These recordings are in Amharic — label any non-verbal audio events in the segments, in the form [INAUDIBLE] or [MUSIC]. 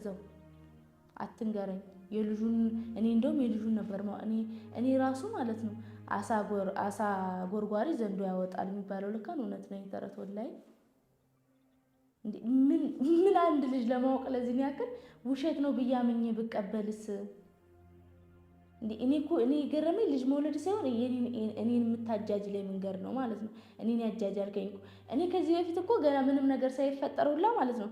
ገዛው አትንገረኝ። የልጁን እኔ እንደውም የልጁን ነበር እኔ ራሱ ማለት ነው አሳ ጎርጓሪ ዘንዶ ያወጣል የሚባለው ልካን እውነት ነው። የተረት ላይ ምን አንድ ልጅ ለማወቅ ለዚህ ያክል ውሸት ነው ብያምኜ ብቀበልስ እኔ እኮ እኔ የገረመኝ ልጅ መውለድ ሳይሆን እኔን የምታጃጅ ላይ መንገር ነው ማለት ነው። እኔን ያጃጃልከኝ እኔ ከዚህ በፊት እኮ ገና ምንም ነገር ሳይፈጠር ሁላ ማለት ነው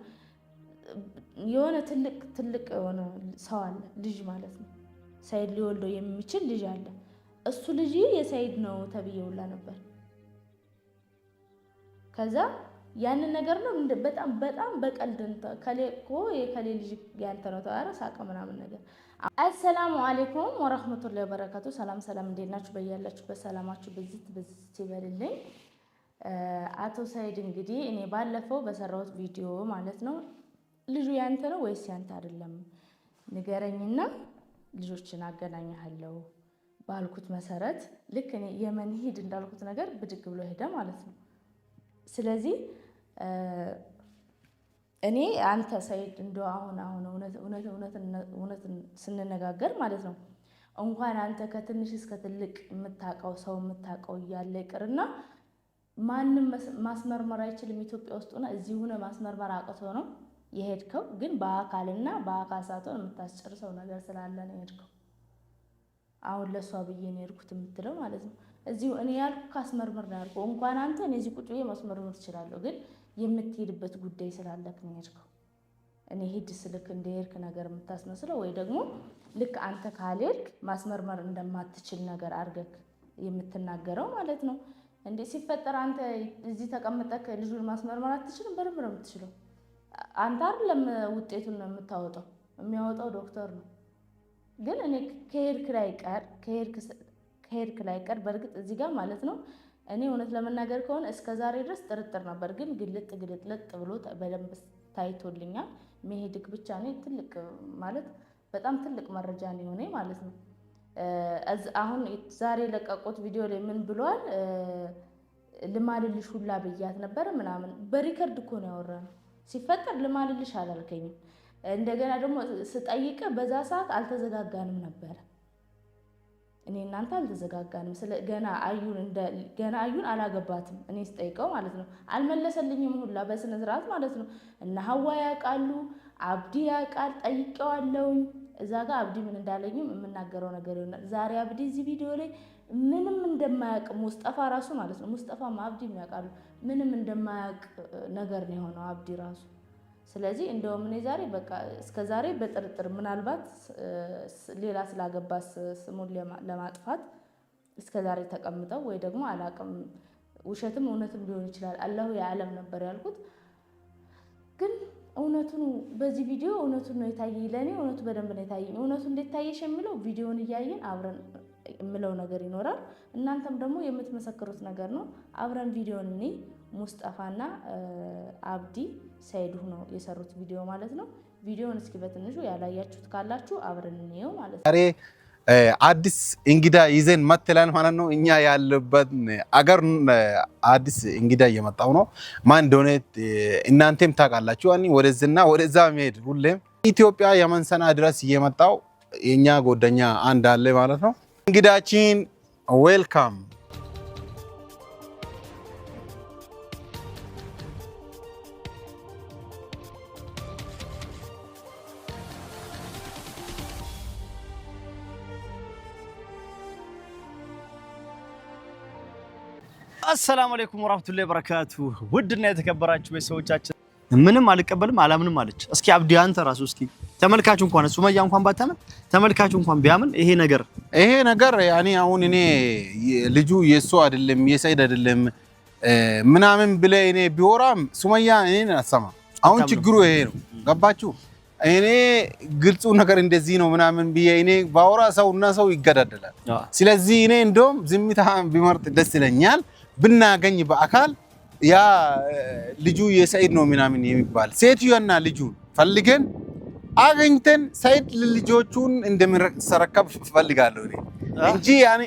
የሆነ ትልቅ ትልቅ የሆነ ሰው አለ ልጅ ማለት ነው። ሰኢድ ሊወልደው የሚችል ልጅ አለ። እሱ ልጅ የሰይድ ነው ውላ ነበር። ከዛ ያንን ነገር ነው በጣም በጣም በቀልድ ከሌ እኮ የከሌ ልጅ ያንተ ነው ተዋረ ሳቀ ምናምን ነገር። አሰላሙ አሌይኩም ወረህመቱላሂ ወበረካቱ። ሰላም ሰላም፣ እንዴት ናችሁ? በያላችሁበት ሰላማችሁ ብዝት ብዝት ይበልልኝ። አቶ ሰይድ እንግዲህ እኔ ባለፈው በሰራሁት ቪዲዮ ማለት ነው ልጁ ያንተ ነው ወይስ ያንተ አይደለም ንገረኝና ልጆችን አገናኝሃለሁ ባልኩት መሰረት ልክ እኔ የመን ሂድ እንዳልኩት ነገር ብድግ ብሎ ሄደ ማለት ነው። ስለዚህ እኔ አንተ ሰይድ እንደ አሁን አሁን እውነትን ስንነጋገር ማለት ነው እንኳን አንተ ከትንሽ እስከ ትልቅ የምታውቀው ሰው የምታውቀው እያለ ይቅርና ማንም ማስመርመር አይችልም ኢትዮጵያ ውስጥ ሆነ እዚህ ሆነ ማስመርመር አቅቶ ነው የሄድከው ግን በአካልና በአካል ሳትሆን የምታስጨርሰው ነገር ስላለ ነው የሄድከው። አሁን ለእሷ ብዬ ነው የሄድኩት የምትለው ማለት ነው። እዚሁ እኔ ያልኩ ካስመርምር ነው ያልኩ። እንኳን አንተ እኔ እዚህ ቁጭ ብዬ ማስመርምር ትችላለሁ፣ ግን የምትሄድበት ጉዳይ ስላለክ ነው የሄድከው። እኔ ሂድ ስልክ እንደ ሄድክ ነገር የምታስመስለው ወይ ደግሞ ልክ አንተ ካልሄድክ ማስመርመር እንደማትችል ነገር አድርገክ የምትናገረው ማለት ነው። እንዴ ሲፈጠር አንተ እዚህ ተቀምጠክ ልጁን ማስመርመር አትችልም። በደንብ ነው የምትችለው። አንተ አይደለም ውጤቱን ነው የምታወጣው፣ የሚያወጣው ዶክተር ነው። ግን እኔ ከሄድክ ላይ ቀር ከሄድክ ላይ ቀር በእርግጥ እዚህ ጋር ማለት ነው እኔ እውነት ለመናገር ከሆነ እስከ ዛሬ ድረስ ጥርጥር ነበር፣ ግን ግልጥ ግልጥልጥ ብሎ በደንብ ታይቶልኛል። መሄድክ ብቻ እኔ ትልቅ ማለት በጣም ትልቅ መረጃ ነው የሆነ ማለት ነው። አሁን ዛሬ የለቀቁት ቪዲዮ ላይ ምን ብሏል? ልማልልሽ ሁላ ብያት ነበር ምናምን በሪከርድ እኮ ነው ያወራነው ሲፈጠር ልማልልሽ አላልከኝም። እንደገና ደግሞ ስጠይቅ በዛ ሰዓት አልተዘጋጋንም ነበረ። እኔ እናንተ አልተዘጋጋንም። ገና አዩን ገና አዩን አላገባትም። እኔ ስጠይቀው ማለት ነው አልመለሰልኝም ሁላ በስነ ስርዓት ማለት ነው። እና ሀዋ ያውቃሉ፣ አብዲ ያውቃል። ጠይቄዋለሁኝ እዛ ጋር አብዲ ምን እንዳለኝም የምናገረው ነገር ይሆናል ዛሬ አብዲ እዚህ ቪዲዮ ላይ ምንም እንደማያውቅ ሙስጠፋ ራሱ ማለት ነው። ሙስጠፋም አብዲም ያውቃሉ። ምንም እንደማያውቅ ነገር ነው የሆነው አብዲ ራሱ። ስለዚህ እንደውም እኔ ዛሬ በቃ እስከ ዛሬ በጥርጥር ምናልባት ሌላ ስላገባ ስሙን ለማጥፋት እስከ ዛሬ ተቀምጠው ወይ ደግሞ አላቅም፣ ውሸትም እውነትም ሊሆን ይችላል። አላሁ የዓለም ነበር ያልኩት ግን እውነቱን በዚህ ቪዲዮ እውነቱን ነው የታየኝ። ለእኔ እውነቱ በደንብ ነው የታየኝ። እውነቱ እንዴት ታየሽ የሚለው ቪዲዮን እያየን አብረን የምለው ነገር ይኖራል። እናንተም ደግሞ የምትመሰክሩት ነገር ነው። አብረን ቪዲዮን እኔ ሙስጠፋና አብዲ ሳይዱ ነው የሰሩት ቪዲዮ ማለት ነው። ቪዲዮን እስኪ በትንሹ ያላያችሁት ካላችሁ አብረን እንየው ማለት ነው። አዲስ እንግዳ ይዘን መትላን ማለት ነው። እኛ ያለበት አገር አዲስ እንግዳ እየመጣው ነው። ማን እንደሆነ እናንተም ታውቃላችሁ። ወደዚህና ወደዛ መሄድ ሁሌም ኢትዮጵያ የመንሰና ድረስ እየመጣው የእኛ ጎደኛ አንድ አለ ማለት ነው። እንግዳችን ዌልካም። አሰላሙ አለይኩም ወራህመቱላሂ ወበረካቱ። ውድና የተከበራችሁ ቤተሰቦቻችን ምንም አልቀበልም አላምንም አለች። እስኪ አብዲ አንተ ራሱ እስኪ ተመልካቹ እንኳን ሱመያ እንኳን ባታምን ተመልካቹ እንኳን ቢያምን ይሄ ነገር ይሄ ነገር ያኔ አሁን እኔ ልጁ የሱ አይደለም የሰይድ አይደለም ምናምን ብለ እኔ ቢወራም ሱመያ እኔን አሰማ። አሁን ችግሩ ይሄ ነው። ገባችሁ? እኔ ግልጹ ነገር እንደዚህ ነው ምናምን ብዬ እኔ ባወራ ሰው እና ሰው ይገዳደላል። ስለዚህ እኔ እንደውም ዝምታ ቢመርጥ ደስ ይለኛል ብናገኝ በአካል ያ ልጁ የሰኢድ ነው ምናምን የሚባል ሴትዮና ልጁ ፈልገን አገኝተን ሰኢድ ልጆቹን እንደሚሰረከብ ፈልጋለሁ እንጂ ያኔ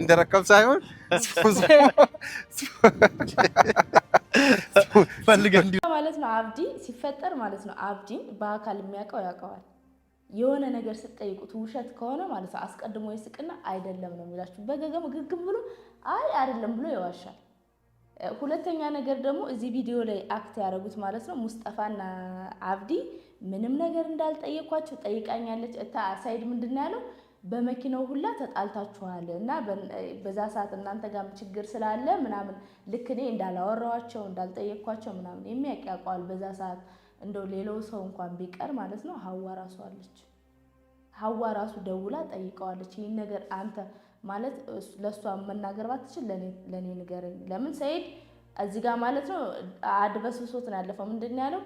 እንደረከብ ሳይሆን ማለት ነው። አብዲ ሲፈጠር ማለት ነው። አብዲን በአካል የሚያውቀው ያውቀዋል። የሆነ ነገር ስትጠይቁት ውሸት ከሆነ ማለት ነው አስቀድሞ የስቅና አይደለም ነው የሚላችሁ። በገገም ግግም ብሎ አይ አይደለም ብሎ ይዋሻል። ሁለተኛ ነገር ደግሞ እዚህ ቪዲዮ ላይ አክት ያደረጉት ማለት ነው ሙስጠፋና አብዲ ምንም ነገር እንዳልጠየኳቸው ጠይቃኛለች። እታ ሳይድ ምንድን ያለው በመኪናው ሁላ ተጣልታችኋል እና በዛ ሰዓት እናንተ ጋርም ችግር ስላለ ምናምን ልክ እኔ እንዳላወራኋቸው እንዳልጠየቅኳቸው ምናምን የሚያውቅ ያውቀዋል። በዛ ሰዓት እንደው ሌላው ሰው እንኳን ቢቀር ማለት ነው ሀዋ ራሱ አለች ሀዋ ራሱ ደውላ ጠይቀዋለች ይህን ነገር አንተ ማለት ለእሷ መናገር ባትችል ለእኔ ንገረኝ። ለምን ሰይድ እዚህ ጋር ማለት ነው አድበስብሶት ነው ያለፈው። ምንድን ያለው?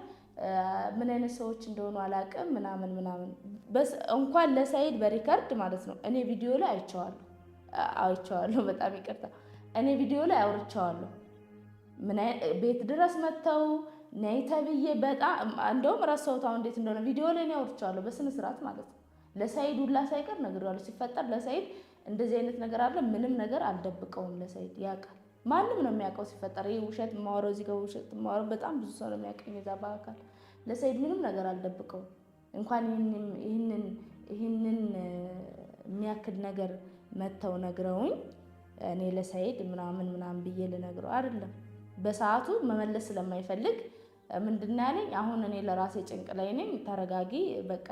ምን አይነት ሰዎች እንደሆኑ አላውቅም ምናምን ምናምን። እንኳን ለሰይድ በሪከርድ ማለት ነው እኔ ቪዲዮ ላይ አይቼዋለሁ አይቼዋለሁ። በጣም ይቅርታ፣ እኔ ቪዲዮ ላይ አውርቼዋለሁ። ቤት ድረስ መጥተው ነይ ተብዬ በጣም እንደውም ረሳሁት አሁን እንዴት እንደሆነ ቪዲዮ ላይ እኔ አውርቼዋለሁ በስነ ስርዓት ማለት ነው። ለሰይድ ሁላ ሳይቀር ነግሬዋለሁ። ሲፈጠር ለሰይድ እንደዚህ አይነት ነገር አለ። ምንም ነገር አልደብቀውም ለሰይድ ያውቃል። ማንም ነው የሚያውቀው ሲፈጠር ይህ ውሸት የማወራው እዚህ ጋር ውሸት የማወራው በጣም ብዙ ሰው ነው የሚያውቀኝ እዛ በአካል ለሰይድ ምንም ነገር አልደብቀውም። እንኳን ይህንን የሚያክል ነገር መጥተው ነግረውኝ እኔ ለሰይድ ምናምን ምናምን ብዬ ልነግረው አይደለም። በሰዓቱ መመለስ ስለማይፈልግ ምንድን ያለኝ አሁን እኔ ለራሴ ጭንቅ ላይ ነኝ፣ ተረጋጊ በቃ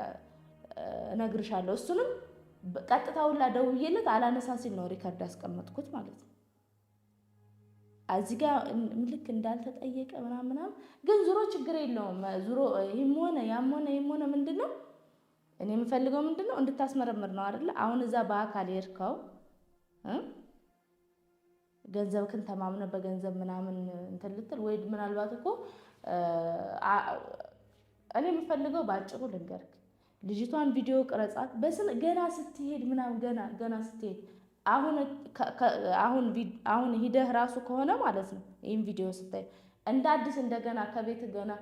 እነግርሻለሁ እሱንም ቀጥታ ሁላ ደውዬልህ አላነሳ ሲል ነው ሪከርድ ያስቀመጥኩት ማለት ነው። እዚህ ጋር ልክ እንዳልተጠየቀ ምናምን ምናምን፣ ግን ዙሮ ችግር የለውም ዙሮ ይህም ሆነ ያም ሆነ ይህም ሆነ ምንድን ነው እኔ የምፈልገው ምንድን ነው እንድታስመረምር ነው አይደለ? አሁን እዛ በአካል የሄድከው ገንዘብክን ተማምነ በገንዘብ ምናምን እንትን ልትል ወይ ምናልባት እኮ እኔ የምፈልገው በአጭሩ ልንገርክ ልጅቷን ቪዲዮ ቅረጻት በስነ ገና ስትሄድ ምናምን ገና ገና ስትሄድ አሁን አሁን ሂደህ ራሱ ከሆነ ማለት ነው ይህም ቪዲዮ ስታይ እንደ አዲስ እንደገና ከቤት ገና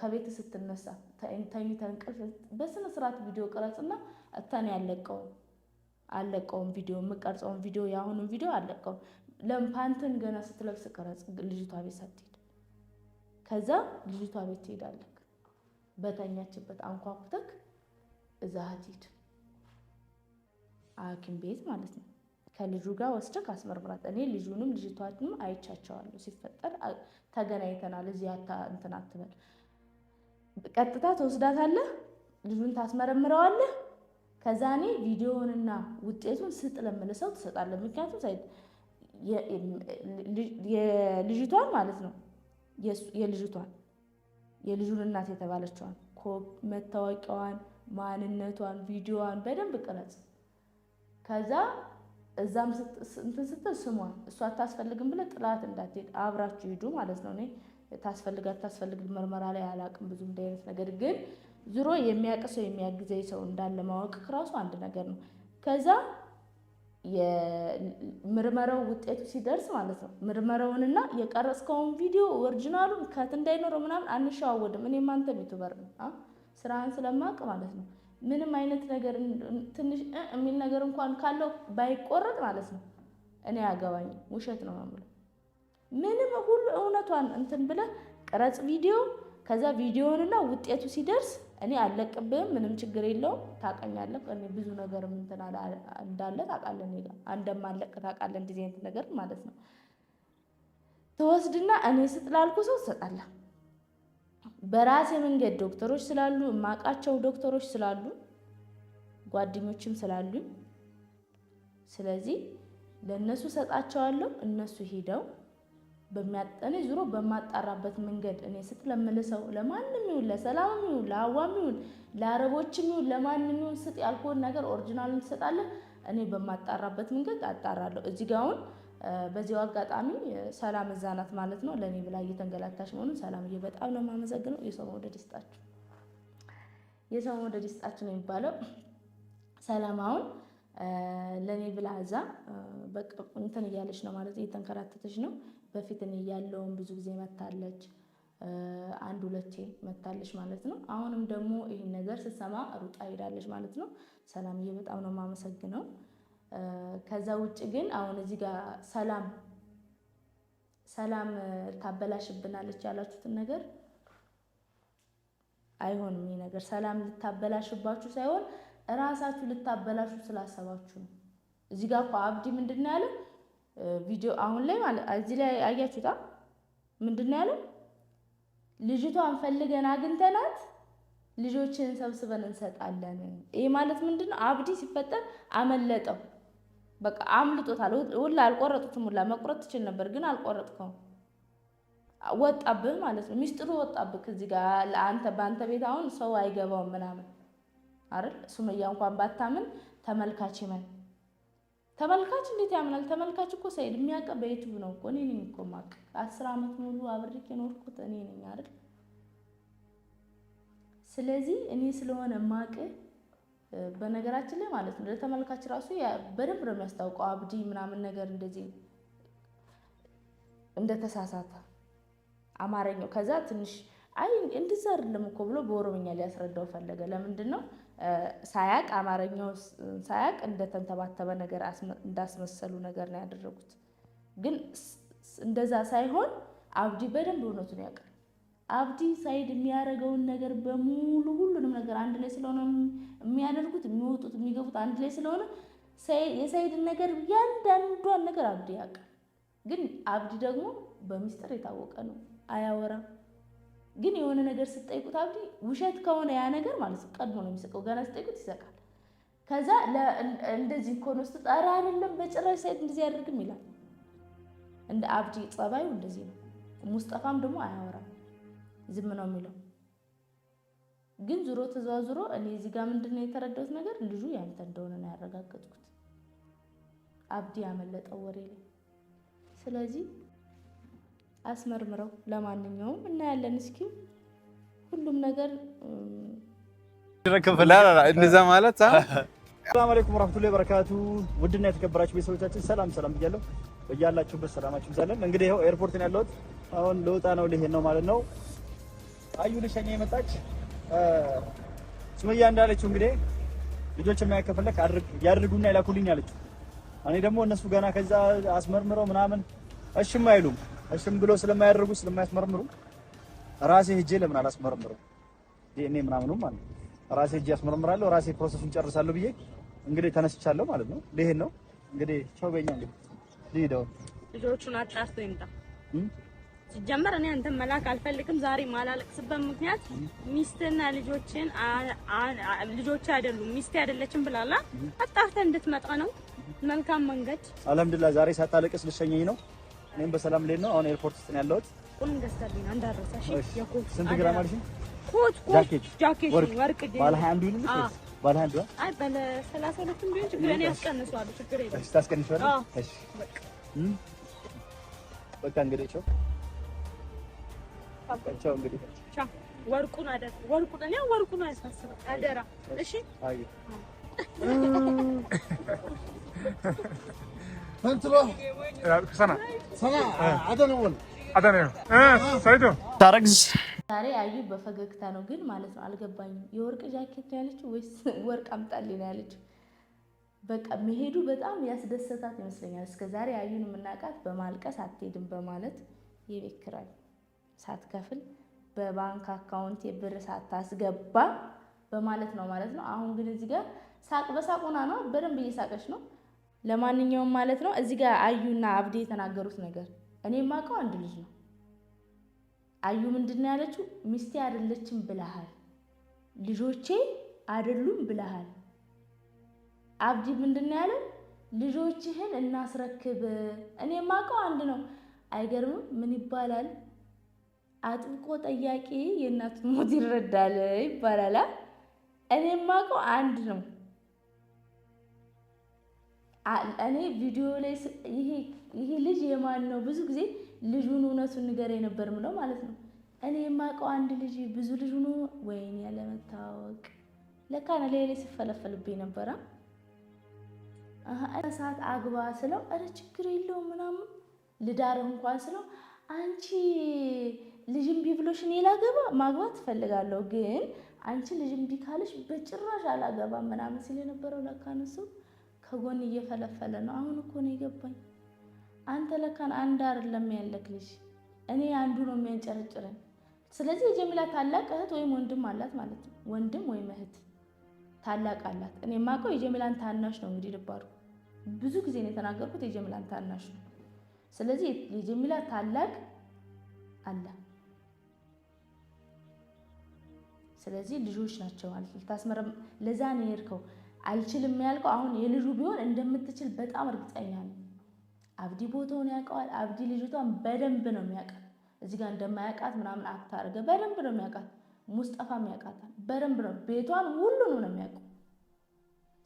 ከቤት ስትነሳ ተኝተህ እንቅልፍ በስነ ስርዓት ቪዲዮ ቅረጽና እተን ያለቀው አለቀውም ቪዲዮ የምቀርጸውን ቪዲዮ የአሁኑን ቪዲዮ አለቀውም። ለምፓንትን ገና ስትለብስ ቅረጽ ልጅቷ ቤት ሳትሄድ ከዛ ልጅቷ ቤት ትሄዳለህ። በተኛችበት አንኳኩተክ እዛ ሀቲድ ሐኪም ቤት ማለት ነው ከልጁ ጋር ወስደክ አስመርምራት። እኔ ልጁንም ልጅቷንም አይቻቸዋለሁ ሲፈጠር ተገናኝተናል። እዚህ እንትን አትበል፣ ቀጥታ ተወስዳታለህ፣ ልጁን ታስመረምረዋለህ። ከዛ እኔ ቪዲዮውንና ውጤቱን ስጥ ለምልሰው ትሰጣለህ። ምክንያቱም የልጅቷን ማለት ነው የልጅቷን የልጁን እናት የተባለችዋን መታወቂያዋን፣ ማንነቷን፣ ቪዲዮዋን በደንብ ቅረጽ። ከዛ እዛም እንትን ስትል ስሟን እሷ አታስፈልግም ብለህ ጥላት እንዳትሄድ አብራችሁ ሂዱ ማለት ነው። እኔ ታስፈልግ አታስፈልግ ምርመራ ላይ አላቅም ብዙ እንደ አይነት ነገር ግን ዙሮ የሚያውቅ ሰው የሚያግዘኝ ሰው እንዳለ ማወቅ ራሱ አንድ ነገር ነው። ከዛ የምርመራው ውጤቱ ሲደርስ ማለት ነው። ምርመራውንና የቀረጽከውን ቪዲዮ ኦሪጂናሉን ከት እንዳይኖረው ምናምን አንሸዋወድም። እኔም አንተም ዩቱበር ነው ስራህን ስለማቅ ማለት ነው። ምንም አይነት ነገር ትንሽ የሚል ነገር እንኳን ካለው ባይቆረጥ ማለት ነው። እኔ ያገባኝ ውሸት ነው ብሎ ምንም ሁሉ እውነቷን እንትን ብለ ቅረጽ ቪዲዮ ከዛ ቪዲዮውንና ውጤቱ ሲደርስ እኔ አለቅብህም፣ ምንም ችግር የለውም። ታውቀኛለህ፣ እኔ ብዙ ነገር እንትን እንዳለ ታውቃለህ፣ እኔ ጋር እንደማለቅ ታውቃለህ። እንደዚህ አይነት ነገር ማለት ነው። ተወስድና እኔ ስጥላልኩ ሰው ትሰጣለህ። በራሴ መንገድ ዶክተሮች ስላሉ የማውቃቸው ዶክተሮች ስላሉ ጓደኞችም ስላሉኝ፣ ስለዚህ ለእነሱ ሰጣቸዋለሁ። እነሱ ሄደው እኔ ዙሮ በማጣራበት መንገድ እኔ ስትለምልሰው ለማንም ይሁን ለሰላምም ይሁን ለአዋም ይሁን ለአረቦችም ይሁን ለማንም ይሁን ስጥ ያልኩህን ነገር ኦሪጂናሉን ትሰጣለህ። እኔ በማጣራበት መንገድ አጣራለሁ። እዚህ ጋር አሁን በዚያው አጋጣሚ ሰላም እዛ ናት ማለት ነው። ለእኔ ብላ እየተንገላታች መሆኑን ሰላምዬ በጣም ነው የማመሰግነው። የሰው መውደድ ይስጣችሁ፣ የሰው መውደድ ይስጣችሁ ነው የሚባለው። ሰላም አሁን ለእኔ ብላ እዛ በቃ እንትን እያለች ነው ማለት እየተንከራተተች ነው በፊት እኔ ያለውን ብዙ ጊዜ መታለች፣ አንድ ሁለቴ መታለች ማለት ነው። አሁንም ደግሞ ይህን ነገር ስትሰማ ሩጣ ሄዳለች ማለት ነው። ሰላምዬ በጣም ነው የማመሰግነው። ከዛ ውጭ ግን አሁን እዚህ ጋር ሰላም ሰላም ታበላሽብናለች ያላችሁትን ነገር አይሆንም። ይህ ነገር ሰላም ልታበላሽባችሁ ሳይሆን እራሳችሁ ልታበላሹ ስላሰባችሁ ነው። እዚህ ጋር እኮ አብዲ ምንድን ነው ያለው? ቪዲዮ አሁን ላይ ማለት እዚህ ላይ አያችሁታ። ምንድን ነው ያለው? ልጅቷን ፈልገን አግኝተናት ልጆችን ሰብስበን እንሰጣለን። ይሄ ማለት ምንድን ነው? አብዲ ሲፈጠር አመለጠው፣ በቃ አምልጦታል። ሁላ አልቆረጡትም። ሁላ መቁረጥ ትችል ነበር ግን አልቆረጥከውም። ወጣብህ ማለት ነው። ሚስጥሩ ወጣብህ። ከዚህ ጋር ለአንተ በአንተ ቤት አሁን ሰው አይገባውም ምናምን አይደል? ሱመያ እንኳን ባታምን ተመልካች ይመን ተመልካች እንዴት ያምናል? ተመልካች እኮ ሰይድ የሚያውቀ በዩቱብ ነው እኮ እኔ ነኝ እኮ አስር ዓመት ሙሉ አብሬክ የኖርኩት እኔ ነኝ አይደል? ስለዚህ እኔ ስለሆነ ማቅ በነገራችን ላይ ማለት ነው ለተመልካች ራሱ በደንብ ነው የሚያስታውቀው አብዲ ምናምን ነገር እንደዚህ እንደተሳሳተ አማርኛው ከዛ ትንሽ አይ እንደዛ አይደለም እኮ ብሎ በኦሮምኛ ሊያስረዳው ፈለገ። ለምንድን ነው ሳያቅ አማርኛው ሳያቅ እንደተንተባተበ ነገር እንዳስመሰሉ ነገር ነው ያደረጉት። ግን እንደዛ ሳይሆን አብዲ በደንብ እውነቱን ያውቃል። አብዲ ሳይድ የሚያደርገውን ነገር በሙሉ ሁሉንም ነገር አንድ ላይ ስለሆነ የሚያደርጉት የሚወጡት የሚገቡት አንድ ላይ ስለሆነ የሳይድን ነገር እያንዳንዷን ነገር አብዲ ያውቃል። ግን አብዲ ደግሞ በሚስጥር የታወቀ ነው፣ አያወራም ግን የሆነ ነገር ስጠይቁት አብዲ ውሸት ከሆነ ያ ነገር ማለት ነው ቀድሞ ነው የሚሰቀው ገና ስጠይቁት ይሰቃል። ከዛ እንደዚህ እኮ ውስጥ ስትጠራ አይደለም በጭራሽ ሳይት እንደዚህ አያደርግም ይላል። እንደ አብዲ ጸባዩ እንደዚህ ነው። ሙስጠፋም ደግሞ አያወራም፣ ዝም ነው የሚለው። ግን ዙሮ ተዘዋዝሮ እኔ እዚህ ጋር ምንድን ነው የተረዳሁት ነገር ልጁ ያንተ እንደሆነ ነው ያረጋገጥኩት። አብዲ ያመለጠው ወሬ ነው። ስለዚህ አስመርምረው። ለማንኛውም እናያለን። እስኪ ሁሉም ነገር እንደዛ ማለት ሰላም አለይኩም ወራህመቱላሂ ወበረካቱ። ውድና የተከበራችሁ ቤተሰቦቻችን ሰላም ሰላም ብያለሁ። በያላችሁበት ሰላማችሁ ይብዛልን። እንግዲህ ይኸው ኤርፖርት ነው ያለሁት። አሁን ልወጣ ነው ልሄድ ነው ማለት ነው። አዩ ልሸኛ የመጣች ሱመያ እንዳለችው እንግዲህ ልጆች ያድርጉና ይላኩልኝ አለችው። እኔ ደግሞ እነሱ ገና ከዛ አስመርምረው ምናምን እሺም አይሉም እሽም ብሎ ስለማያደርጉ ስለማያስመርምሩ ራሴ ሄጄ ለምን አላስመረምርም? ዲኤንኤ ምናምኑም ማለት ነው። ራሴ ሄጄ አስመርምራለሁ፣ ራሴ ፕሮሰሱን ጨርሳለሁ ብዬ እንግዲህ ተነስቻለሁ ማለት ነው። ይሄን ነው እንግዲህ ቻው በኛ እንግዲህ ሊዳው ልጆቹን አጣርቶ ይምጣ። ሲጀመር እኔ አንተን መላክ አልፈልግም። ዛሬ ማላለቅስበት ምክንያት ሚስትና ልጆችን ልጆች አይደሉም ሚስቴ አይደለችም ብላላ አጣርተህ እንድትመጣ ነው። መልካም መንገድ። አልሐምዱሊላህ ዛሬ ሳታለቅስ ልሸኘኝ ነው። እኔም በሰላም ልሄድ ነው። አሁን ኤርፖርት ውስጥ ነው ያለሁት። ቁልም እሺ ስንት ግራም አልሽኝ? ኮት ኮት ጃኬት ጃኬት ወርቅ ባለ 21 ይሁን ልክ ባለ 21 አይ ባለ 32 ቢሆን ችግር እኔ ያስቀንሷል። ችግር የለም እሺ፣ ታስቀንሷል። እሺ በቃ እንግዲህ ቻው ቻው። እንግዲህ ቻው። ወርቁን አደራ፣ ወርቁን ወርቁን እሺ። አይ [LAUGHS] ዛሬ አዩ በፈገግታ ነው ግን ማለት ነው። አልገባኝም። የወርቅ ጃኬት ነው ያለችው ወይስ ወርቅ አምጣልኝ ነው ያለችው? በቃ መሄዱ በጣም ያስደሰታት ይመስለኛል። እስከ ዛሬ አዩን የምናውቃት በማልቀስ አትሄድም በማለት የቤት ኪራይ ሳትከፍል በባንክ አካውንት ብር ሳታስገባ በማለት ነው ማለት ነው። አሁን ግን እዚህ ጋር ሳቅ በሳቅ ሆና ነው፣ በደንብ እየሳቀች ነው ለማንኛውም ማለት ነው እዚህ ጋር አዩና አብዴ የተናገሩት ነገር እኔ የማውቀው አንድ ልጅ ነው። አዩ ምንድን ነው ያለችው? ሚስቴ አይደለችም ብለሃል፣ ልጆቼ አይደሉም ብለሃል። አብዲ ምንድን ነው ያለው? ልጆችህን እናስረክብ። እኔ የማውቀው አንድ ነው። አይገርምም? ምን ይባላል? አጥብቆ ጠያቂ የእናቱን ሞት ይረዳል ይባላል። እኔ የማውቀው አንድ ነው። እኔ ቪዲዮ ላይ ይሄ ልጅ የማን ነው? ብዙ ጊዜ ልጁን እውነቱን ንገር የነበር ምለው ማለት ነው። እኔ የማውቀው አንድ ልጅ ብዙ ልጅ ሆኖ ወይን ያለመታወቅ ለካ ነው ሌላ ሲፈለፈልብኝ ነበረ። ሰዓት አግባ ስለው ኧረ ችግር የለውም ምናምን ልዳርህ እንኳን ስለው አንቺ ልጅም ቢብሎሽ ብሎሽ እኔ ላገባ ማግባት ትፈልጋለሁ፣ ግን አንቺ ልጅ እምቢ በጭራሽ አላገባ ምናምን ሲል የነበረው ለካ ነው እሱ ከጎን እየፈለፈለ ነው። አሁን እኮ ነው የገባኝ። አንተ ለካን አንድ አይደለም ያለክ ልጅ፣ እኔ አንዱ ነው የሚያንጨረጭረኝ። ስለዚህ የጀሚላ ታላቅ እህት ወይም ወንድም አላት ማለት ነው። ወንድም ወይም እህት ታላቅ አላት። እኔ የማውቀው የጀሚላን ታናሽ ነው። እንግዲህ ልባሩ ብዙ ጊዜ ነው የተናገርኩት፣ የጀሚላን ታናሽ ነው። ስለዚህ የጀሚላ ታላቅ አለ። ስለዚህ ልጆች ናቸው ማለት ነው። ልታስመረም ለዛ ነው የሄድከው። አልችልም ያልከው አሁን የልጁ ቢሆን እንደምትችል በጣም እርግጠኛ ነው። አብዲ ቦታውን ያውቀዋል። አብዲ ልጅቷን በደንብ ነው የሚያውቃት። እዚህ ጋር እንደማያውቃት ምናምን አታርገ በደንብ ነው የሚያውቃት። ሙስጠፋ ያውቃታል በደንብ ነው። ቤቷን ሁሉ ነው የሚያውቀው።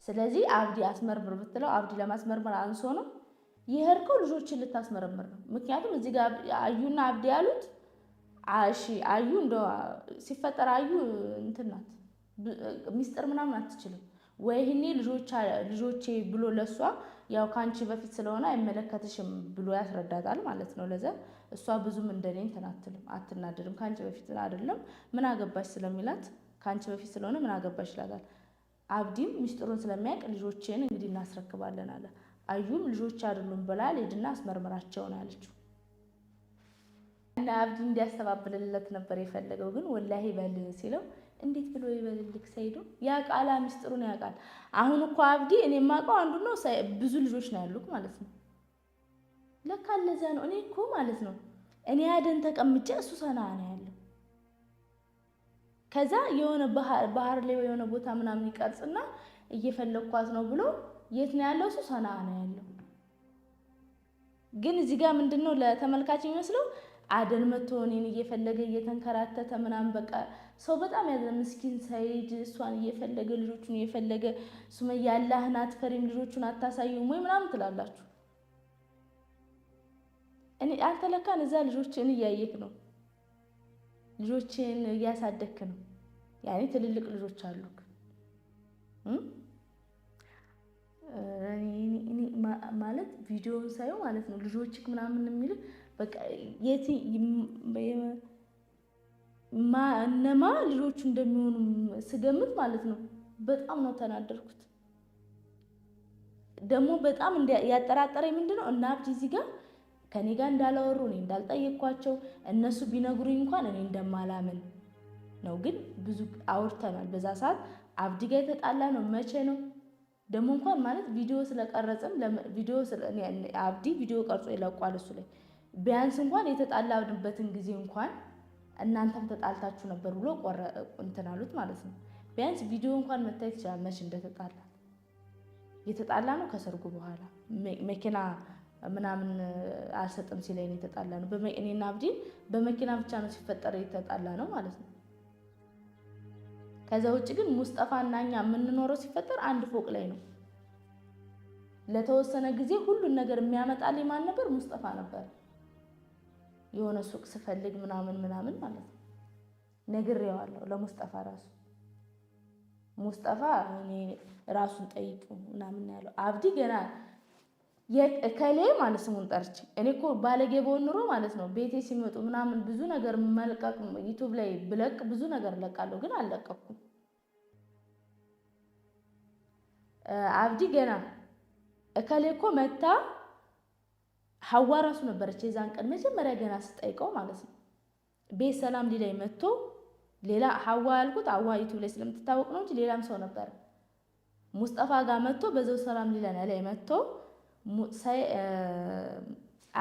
ስለዚህ አብዲ አስመርምር ብትለው አብዲ ለማስመርመር አንሶ ነው የሄድከው። ልጆችን ልታስመረምር ነው። ምክንያቱም እዚህ ጋር አዩና አብዲ ያሉት እሺ፣ አዩ እንደ ሲፈጠር አዩ እንትን ናት፣ ሚስጥር ምናምን አትችልም ወይህኔ ልጆቼ ብሎ ለእሷ ያው ከአንቺ በፊት ስለሆነ አይመለከትሽም ብሎ ያስረዳታል ማለት ነው። ለዘ እሷ ብዙም እንደኔ እንትን አትልም አትናደድም። ከአንቺ በፊት አይደለም ምን አገባሽ ስለሚላት ከአንቺ በፊት ስለሆነ ምን አገባሽ ይላታል። አብዲም ሚስጥሩን ስለሚያውቅ ልጆቼን እንግዲህ እናስረክባለን አለ። አዩም ልጆች አይደሉም ብላ ሌድና አስመርምራቸውን አለችው። እና አብዲ እንዲያስተባብልለት ነበር የፈለገው ግን ወላሂ በል ሲለው እንዴት ብሎ ይበልልክ? ሰይዱ ያቃላ ምስጢሩን ያውቃል። አሁን እኮ አብዲ እኔ የማውቀው አንዱ ነው። ብዙ ልጆች ነው ያሉት ማለት ነው። ለካ እነዚያ ነው። እኔ እኮ ማለት ነው እኔ አደን ተቀምጬ እሱ ሰና ነው ያለው። ከዛ የሆነ ባህር ላይ የሆነ ቦታ ምናምን ይቀርጽና እየፈለግኳት ነው ብሎ የት ነው ያለው? እሱ ሰና ነው ያለው። ግን እዚህ ጋር ምንድን ነው ለተመልካች የሚመስለው አደን መቶ እኔን እየፈለገ እየተንከራተተ ምናምን በቃ ሰው በጣም ያዘ። ምስኪን ሰይድ እሷን እየፈለገ ልጆቹን እየፈለገ ሱመያ አላህን አትፈሪም ልጆቹን አታሳዩም ወይ ምናምን ትላላችሁ። እኔ አንተ ለካን እዛ ልጆችን እያየክ ነው፣ ልጆችን እያሳደግክ ነው። ያኔ ትልልቅ ልጆች አሉ። ማለት ቪዲዮን ሳየው ማለት ነው ልጆችክ ምናምን የሚልህ እነማ ልጆቹ እንደሚሆኑ ስገምት ማለት ነው በጣም ነው ተናደርኩት። ደግሞ በጣም ያጠራጠረኝ ምንድን ነው እና አብዲ እዚህ ጋር ከኔ ጋር እንዳላወሩ እኔ እንዳልጠየቅኳቸው እነሱ ቢነግሩኝ እንኳን እኔ እንደማላምን ነው። ግን ብዙ አውርተናል በዛ ሰዓት አብዲ ጋር የተጣላ ነው። መቼ ነው ደግሞ እንኳን ማለት ቪዲዮ ስለቀረጽም ቪዲዮ አብዲ ቪዲዮ ቀርጾ ይለቋል እሱ ላይ ቢያንስ እንኳን የተጣላንበትን ጊዜ እንኳን እናንተም ተጣልታችሁ ነበር ብሎ እንትን አሉት ማለት ነው። ቢያንስ ቪዲዮ እንኳን መታየት ይችላል፣ መች እንደተጣላ የተጣላ ነው ከሰርጉ በኋላ መኪና ምናምን አልሰጥም ሲለኝ ነው የተጣላ ነው። እኔና አብዲ በመኪና ብቻ ነው ሲፈጠር የተጣላ ነው ማለት ነው። ከዛ ውጭ ግን እና እኛ የምንኖረው ሲፈጠር አንድ ፎቅ ላይ ነው። ለተወሰነ ጊዜ ሁሉን ነገር የሚያመጣልኝ ማን ነበር? ሙስጠፋ ነበር። የሆነ ሱቅ ስፈልግ ምናምን ምናምን ማለት ነው ነግሬዋለሁ። ለሙስጠፋ ራሱ ሙስጠፋ እኔ ራሱን ጠይቁ ምናምን ያለው አብዲ ገና የከሌ ማለት ስሙን ጠርች እኔ እኮ ባለጌ በሆን ኑሮ ማለት ነው ቤቴ ሲመጡ ምናምን ብዙ ነገር መልቀቅ ዩቱብ ላይ ብለቅ ብዙ ነገር ለቃለሁ ግን አልለቀኩም። አብዲ ገና እከሌ እኮ መታ ሀዋ ራሱ ነበረች የዛን ቀን መጀመሪያ ገና ስጠይቀው ማለት ነው። ቤት ሰላም ሊላይ መጥቶ ሌላ ሀዋ ያልኩት አዋ ዩቱብ ላይ ስለምትታወቅ ነው እንጂ ሌላም ሰው ነበር። ሙስጠፋ ጋር መጥቶ በዘው ሰላም ሊለን ላይ መጥቶ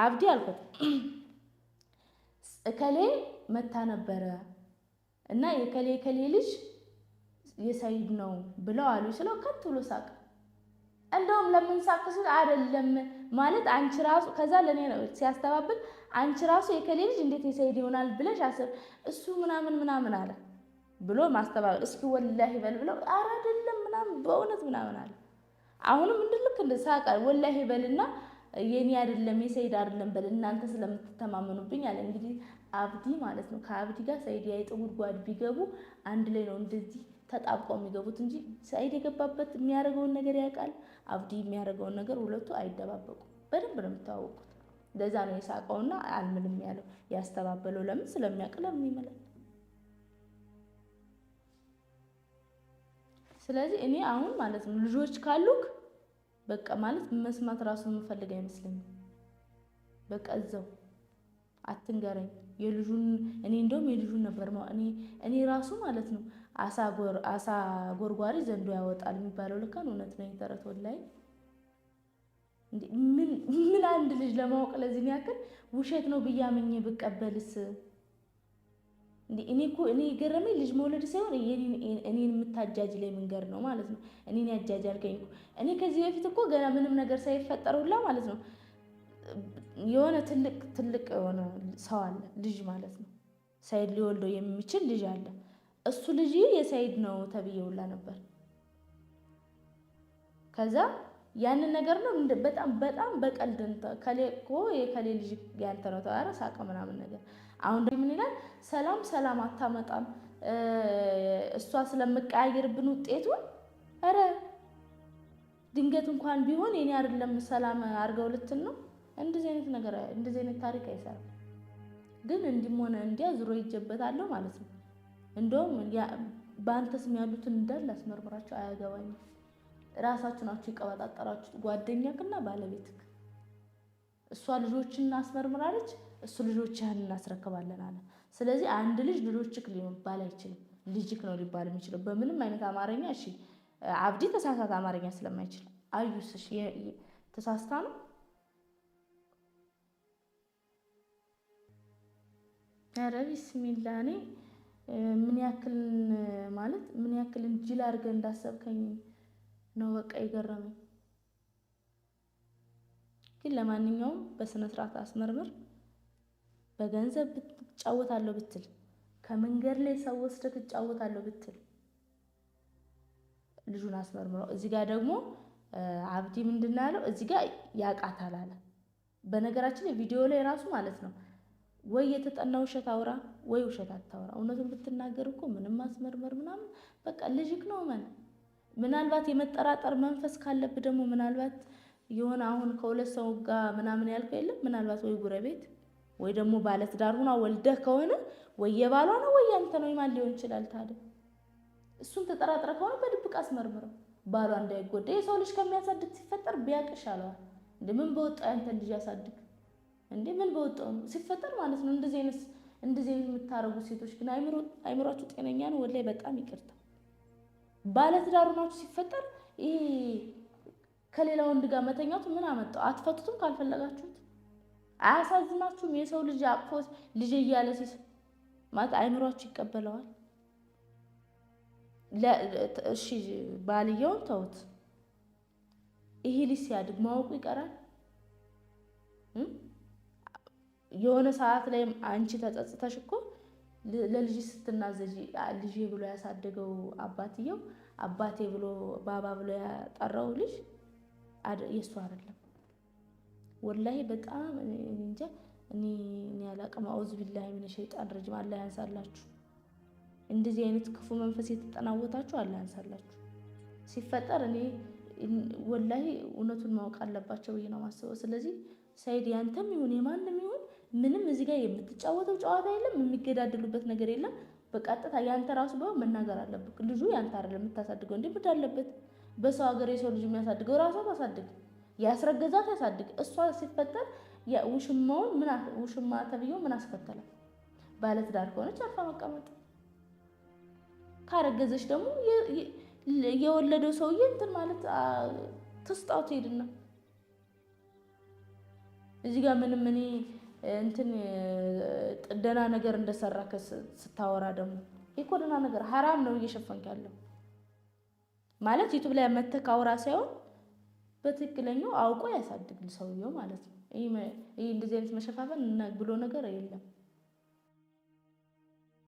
አብዲ አልኩት [CLEARS THROAT] እከሌ መታ ነበረ እና የከሌ ከሌ ልጅ የሰይድ ነው ብለው አሉ ስለው ከት ብሎ ሳቅ። እንደውም ለምን ሳቅ ስል አይደለም ማለት አንቺ ራሱ ከዛ ለእኔ ሲያስተባብል አንቺ ራሱ የከሌ ልጅ እንዴት የሰይድ ይሆናል ብለሽ አስብ እሱ ምናምን ምናምን አለ ብሎ ማስተባበል እስኪ ወላሂ በል ብለው ኧረ አይደለም ምናምን በእውነት ምናምን አለ። አሁንም እንድልክ እንደሳቀ ወላሂ በልና የኔ አይደለም የሰይድ አይደለም በል እናንተ ስለምትተማመኑብኝ አለ። እንግዲህ አብዲ ማለት ነው። ከአብዲ ጋር ሰይድ ያይጥ ጉድጓድ ቢገቡ አንድ ላይ ነው እንደዚህ ተጣብቀው የሚገቡት እንጂ ሰይድ የገባበት የሚያደርገውን ነገር ያውቃል። አብዲ የሚያደርገውን ነገር ሁለቱ አይደባበቁም። በደንብ ነው የምታዋወቁት ለዛ ነው የሳቀውና አልምልም ያለው ያስተባበለው። ለምን ስለሚያውቅ ለምን ይምላል? ስለዚህ እኔ አሁን ማለት ነው ልጆች ካሉክ በቃ ማለት መስማት ራሱ የምፈልግ አይመስለኝም። በቃ እዛው አትንገረኝ የልጁን እኔ እንደውም የልጁን ነበር እኔ እኔ ራሱ ማለት ነው አሳ ጎርጓሪ ዘንዶ ያወጣል የሚባለው ልካን እውነት ነው የተረት ላይ ምን አንድ ልጅ ለማወቅ ለዚህ ያክል ውሸት ነው ብያምኝ ብቀበልስ? እኔ እኮ እኔ የገረመኝ ልጅ መውለድ ሳይሆን እኔን የምታጃጅ ላይ መንገድ ነው ማለት ነው። እኔን ያጃጅ አልከኝ እኔ ከዚህ በፊት እኮ ገና ምንም ነገር ሳይፈጠር ሁላ ማለት ነው የሆነ ትልቅ ትልቅ የሆነ ሰው አለ ልጅ ማለት ነው ሳይድ ሊወልደው የሚችል ልጅ አለ እሱ ልጅ የሰይድ ነው ተብዬ ተብዬውላ ነበር። ከዛ ያንን ነገር ነው እንደ በጣም በጣም በቀልድ ከሌ እኮ የከሌ ልጅ ያንተ ነው ተባረ ሳቀ ምናምን ነገር። አሁን ምን ይላል? ሰላም ሰላም አታመጣም እሷ ስለምቀያየርብን ውጤቱን ኧረ ድንገት እንኳን ቢሆን የኔ አይደለም ሰላም አድርገው ልትል ነው። እንደዚህ አይነት ነገር እንደዚህ አይነት ታሪክ አይሰራም። ግን እንዲም ሆነ እንዲያ ዝሮ ይጀበታለሁ ማለት ነው። እንደውም በአንተ ስም ያሉትን እንዳል ላስመርምራቸው፣ አያገባኝም። ራሳችሁ ናችሁ የቀበጣጠራችሁት፣ ጓደኛክና ባለቤትክ። እሷ ልጆችን አስመርምራለች፣ እሱ ልጆችህን እናስረክባለን አለ። ስለዚህ አንድ ልጅ ልጆችክ ሊባል አይችልም፣ ልጅክ ነው ሊባል የሚችለው በምንም አይነት አማርኛ። እሺ አብዲ ተሳሳት አማርኛ ስለማይችል አዩስ ተሳስታ ነው ኧረ ቢስሚላ ምን ያክል ማለት ምን ያክል እንጅል አድርገህ እንዳሰብከኝ ነው በቃ የገረመኝ። ግን ለማንኛውም በስነ ስርዓት አስመርምር። በገንዘብ ትጫወታለሁ ብትል፣ ከመንገድ ላይ ሰው ወስደህ ትጫወታለሁ ብትል ልጁን አስመርምረው። እዚህ ጋር ደግሞ አብዲ ምንድን ነው ያለው? እዚህ ጋር ያቃታል አለ። በነገራችን ቪዲዮ ላይ ራሱ ማለት ነው ወይ የተጠናው ውሸት አውራ ወይ ውሸት አታወራ። እውነቱን ብትናገር እኮ ምንም ማስመርመር ምናምን በቃ ልጅክ ነው መን ምናልባት የመጠራጠር መንፈስ ካለብህ ደግሞ ምናልባት የሆነ አሁን ከሁለት ሰው ጋር ምናምን ያልከው የለም ምናልባት ወይ ጉረቤት ወይ ደግሞ ባለትዳር ሁና ወልደህ ከሆነ ወይ የባሏ ነው ወይ ያንተ ነው የማን ሊሆን ይችላል ታዲያ? እሱን ተጠራጥረ ከሆነ በድብቅ አስመርምረው ባሏ እንዳይጎዳ። የሰው ልጅ ከሚያሳድግ ሲፈጠር ቢያቅሽ አለዋል እንደ ምን በወጣው ያንተን ልጅ ያሳድግ እንዴ ምን በወጣው ሲፈጠር ማለት ነው እንደዚህ አይነት እንደዚህ የምታረጉ ሴቶች ግን አይምሯችሁ ጤነኛ ነው? ወላሂ በጣም ይቅርታ። ባለትዳር ሆናችሁ ሲፈጠር ይሄ ከሌላ ወንድ ጋር መተኛቱ ምን አመጣው? አትፈቱትም ካልፈለጋችሁት። አያሳዝናችሁም? የሰው ልጅ አቅፎ ልጅ እያለ ሲስ ማለት አይምሯችሁ ይቀበለዋል። እሺ ባልየውን ተውት፣ ይሄ ልጅ ሲያድግ ማወቁ ይቀራል። የሆነ ሰዓት ላይም አንቺ ተጸጽተሽ እኮ ለልጅ ስትናዘጂ ልጅ ብሎ ያሳደገው አባትየው አባቴ ብሎ ባባ ብሎ ያጠራው ልጅ የእሱ አይደለም። ወላሂ በጣም እንጃ እኔ አላቅም። አውዝ ቢላሂ ሚነ ሸይጣን ረጅም። አላህ ያንሳላችሁ። እንደዚህ አይነት ክፉ መንፈስ የተጠናወታችሁ አለ ያንሳላችሁ። ሲፈጠር እኔ ወላሂ እውነቱን ማወቅ አለባቸው ብዬ ነው ማስበው። ስለዚህ ሰይድ ያንተም ይሁን የማንም ይሁን ምንም እዚህ ጋር የምትጫወተው ጨዋታ የለም፣ የሚገዳደሉበት ነገር የለም። በቀጥታ ያንተ ራሱ ቢሆን መናገር አለብህ። ልጁ ያንተ አይደለም የምታሳድገው፣ እንዲህ ብድ አለበት። በሰው ሀገር የሰው ልጅ የሚያሳድገው ራሷ ታሳድግ፣ ያስረገዛት ያሳድግ። እሷ ሲፈጠር ውሽማውን ውሽማ ተብዬው ምን አስከተላት? ባለትዳር ከሆነች አርፋ መቀመጥ፣ ካረገዘች ደግሞ የወለደው ሰውዬ እንትን ማለት ትስጣው ትሄድና እዚህ ጋር ምንም እኔ እንትን ጥደና ነገር እንደሰራ ስታወራ ደግሞ የኮደና ነገር ሀራም ነው እየሸፈንክ ያለው ማለት ዩቱብ ላይ መተህ ሳይሆን በትክክለኛው አውቆ ያሳድግ ሰውየው ማለት ነው። ይህ እንደዚህ አይነት መሸፋፈን ብሎ ነገር የለም።